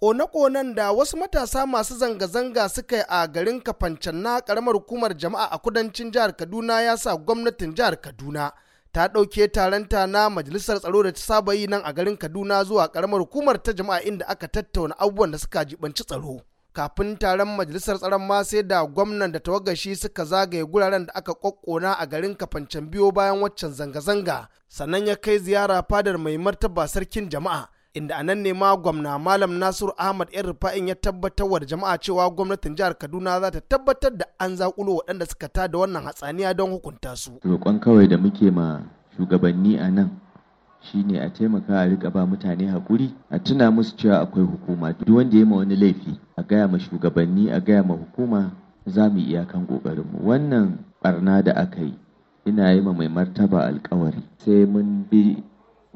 kone-konen da wasu matasa masu zanga-zanga suka yi a garin kafancan na karamar hukumar jama'a a kudancin jihar kaduna ya sa gwamnatin jihar kaduna ta ɗauke taronta na majalisar tsaro da ta saba yi nan a garin kaduna zuwa karamar hukumar ta jama'a inda aka tattauna abubuwan da suka jibanci tsaro kafin taron majalisar tsaron ma sai da gwamnan da tawagashi suka zagaye guraren da aka kokkona a garin kafancan biyo bayan waccan zanga-zanga sannan ya kai ziyara fadar mai martaba sarkin jama'a inda a nan ne ma gwamna malam nasiru ahmad yan rufa'in ya tabbatar da jama'a cewa gwamnatin jihar kaduna za ta tabbatar da an zakulo waɗanda suka ta da wannan hatsaniya don hukunta su roƙon kawai da muke ma shugabanni a nan shine a taimaka a rika ba mutane haƙuri a tuna musu cewa akwai hukuma duk wanda ya ma wani laifi a gaya ma shugabanni a gaya ma hukuma za mu iyakan ƙoƙarinmu wannan barna da aka yi ina yi ma mai martaba alkawari sai mun bi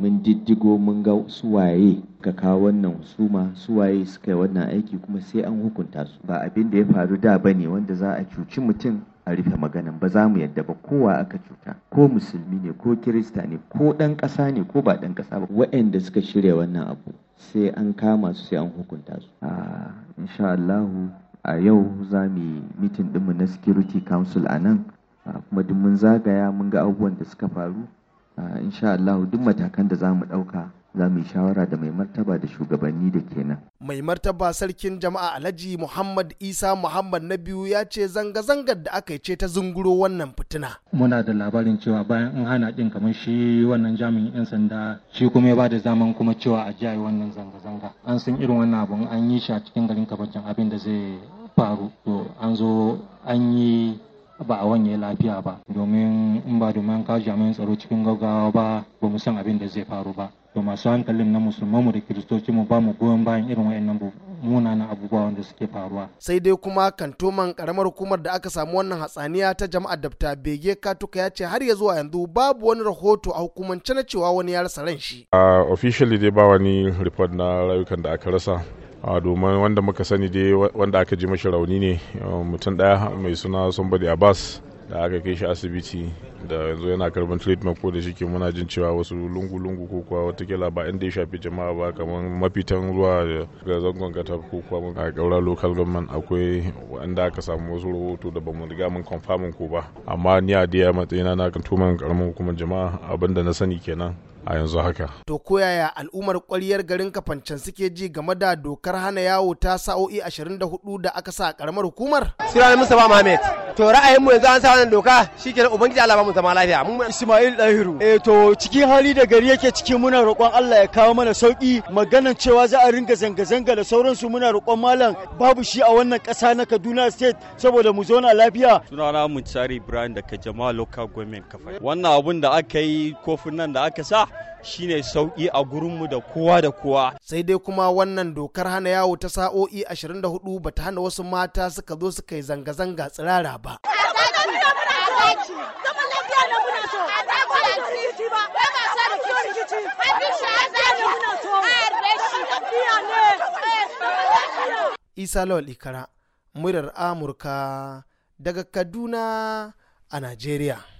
mun diddigo mun ga suwaye ka kawo wannan husuma suwaye suka yi wannan aiki kuma sai an hukunta su ba abin da ya faru da ba ne wanda za a cuci mutum a rufe maganan ba za mu yadda ba kowa aka cuta ko musulmi ne ko kirista ne ko ɗan ƙasa ne ko ba ɗan kasa ba waɗanda suka shirya wannan abu sai an kama su sai an hukunta su a ah, insha Allahu a yau za mu yi mitin ɗinmu na security council a nan ah, kuma duk mun zagaya mun ga abubuwan da suka faru Ah, insha Allah duk matakan da za mu ɗauka za mu yi shawara da mai martaba da shugabanni da kenan. Mai martaba sarkin jama'a Alhaji Muhammad Isa Muhammad na biyu ya ce zanga-zangar da aka yi ce ta zunguro wannan fitina. Muna da labarin cewa bayan in hana ɗin kamar shi wannan jami'in 'yan sanda shi kuma ya bada zaman kuma cewa a ji wannan zanga-zanga. An san irin wannan abun an yi shi a cikin garin kabancin abin da zai faru. To an zo an yi ba a wanye lafiya ba domin in ba domin ka jami'in tsaro cikin gaggawa ba ba mu san abin da zai faru ba to masu hankalin na musulman mu da mu ba mu goyon bayan irin wa'annan munanan abubuwa wanda suke faruwa. Sai dai kuma kantoman karamar hukumar da aka samu wannan hatsaniya ta jama'a dabta bege katuka ya ce har ya zuwa yanzu babu wani rahoto a hukumance na cewa wani ya rasa ran shi. Ah, officially dai ba wani report na rayukan da aka rasa a domin wanda muka sani dai wanda aka ji mashi rauni ne um, mutum daya mai suna somebody abbas da aka kai shi asibiti da yanzu yana karban treatment ko da shi ke muna jin cewa wasu lungu-lungu ko kuwa watakila ba inda ya shafi jama'a ba kamar mafitan zuwa ga zangon gata ko kuwa a gaura local government akwai wanda aka samu wasu rahoto da bamu riga mun confirm ko ba amma ni a dai matsayina na kan tuman karamin hukumar jama'a abinda na sani kenan a yanzu haka. To ko yaya al'ummar kwaryar garin Kafancan suke ji game da dokar hana yawo ta sa'o'i 24 da aka sa a karamar hukumar? Sirani Mustapha Mohammed. To ra'ayinmu yanzu an sa wannan doka shikenan ubangiji Allah ba mu zama lafiya. Mu Ismail Dahiru. Eh to cikin hali da gari yake cikin muna roƙon Allah ya kawo mana sauki maganar cewa za a ringa zanga-zanga da sauransu muna roƙon malam babu shi a wannan ƙasa na Kaduna State saboda mu zauna lafiya. Sunana tsari Ibrahim daga Jama'a Local Government Kafa. Wannan abun da aka yi kofin nan da aka sa shine sauƙi a gurinmu da kowa da kowa. Sai dai kuma wannan dokar hana yawo ta sa'o'i 24 ta hana wasu mata suka zo suka yi zanga-zanga tsirara ba. Isa Lawal Ikara, murar Amurka daga Kaduna a Najeriya.